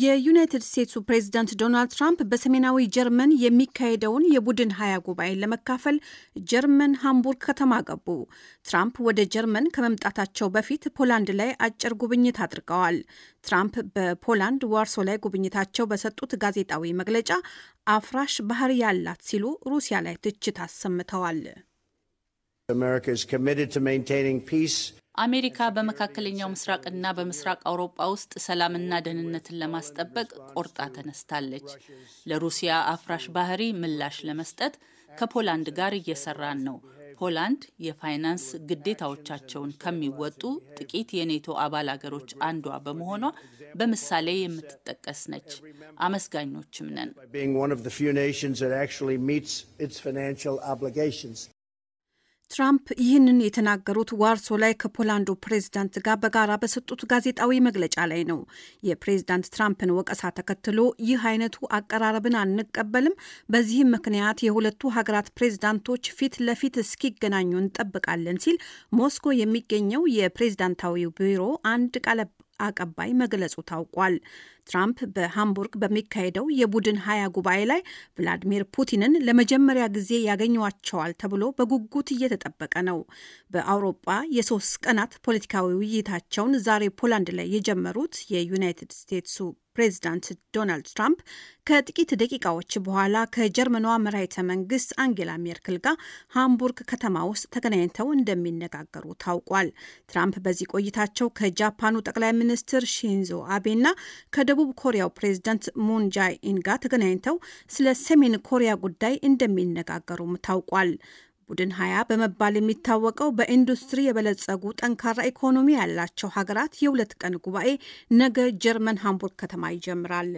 የዩናይትድ ስቴትሱ ፕሬዚዳንት ዶናልድ ትራምፕ በሰሜናዊ ጀርመን የሚካሄደውን የቡድን ሀያ ጉባኤ ለመካፈል ጀርመን ሃምቡርግ ከተማ ገቡ። ትራምፕ ወደ ጀርመን ከመምጣታቸው በፊት ፖላንድ ላይ አጭር ጉብኝት አድርገዋል። ትራምፕ በፖላንድ ዋርሶ ላይ ጉብኝታቸው በሰጡት ጋዜጣዊ መግለጫ አፍራሽ ባህር ያላት ሲሉ ሩሲያ ላይ ትችት አሰምተዋል። America is አሜሪካ በመካከለኛው ምስራቅና በምስራቅ አውሮፓ ውስጥ ሰላምና ደህንነትን ለማስጠበቅ ቆርጣ ተነስታለች። ለሩሲያ አፍራሽ ባህሪ ምላሽ ለመስጠት ከፖላንድ ጋር እየሰራን ነው። ፖላንድ የፋይናንስ ግዴታዎቻቸውን ከሚወጡ ጥቂት የኔቶ አባል አገሮች አንዷ በመሆኗ በምሳሌ የምትጠቀስ ነች። አመስጋኞችም ነን። ትራምፕ ይህንን የተናገሩት ዋርሶ ላይ ከፖላንዱ ፕሬዝዳንት ጋር በጋራ በሰጡት ጋዜጣዊ መግለጫ ላይ ነው። የፕሬዝዳንት ትራምፕን ወቀሳ ተከትሎ ይህ አይነቱ አቀራረብን አንቀበልም፣ በዚህም ምክንያት የሁለቱ ሀገራት ፕሬዝዳንቶች ፊት ለፊት እስኪገናኙ እንጠብቃለን ሲል ሞስኮ የሚገኘው የፕሬዝዳንታዊ ቢሮ አንድ ቃለ አቀባይ መግለጹ ታውቋል። ትራምፕ በሃምቡርግ በሚካሄደው የቡድን ሀያ ጉባኤ ላይ ቭላዲሚር ፑቲንን ለመጀመሪያ ጊዜ ያገኟቸዋል ተብሎ በጉጉት እየተጠበቀ ነው። በአውሮጳ የሶስት ቀናት ፖለቲካዊ ውይይታቸውን ዛሬ ፖላንድ ላይ የጀመሩት የዩናይትድ ስቴትሱ ፕሬዚዳንት ዶናልድ ትራምፕ ከጥቂት ደቂቃዎች በኋላ ከጀርመኗ መራሄተ መንግስት አንጌላ ሜርክል ጋር ሃምቡርግ ከተማ ውስጥ ተገናኝተው እንደሚነጋገሩ ታውቋል። ትራምፕ በዚህ ቆይታቸው ከጃፓኑ ጠቅላይ ሚኒስትር ሺንዞ አቤና ከደቡብ ኮሪያው ፕሬዚዳንት ሙን ጃይ ኢን ጋር ተገናኝተው ስለ ሰሜን ኮሪያ ጉዳይ እንደሚነጋገሩም ታውቋል። ቡድን ሀያ በመባል የሚታወቀው በኢንዱስትሪ የበለጸጉ ጠንካራ ኢኮኖሚ ያላቸው ሀገራት የሁለት ቀን ጉባኤ ነገ ጀርመን ሃምቡርግ ከተማ ይጀምራል።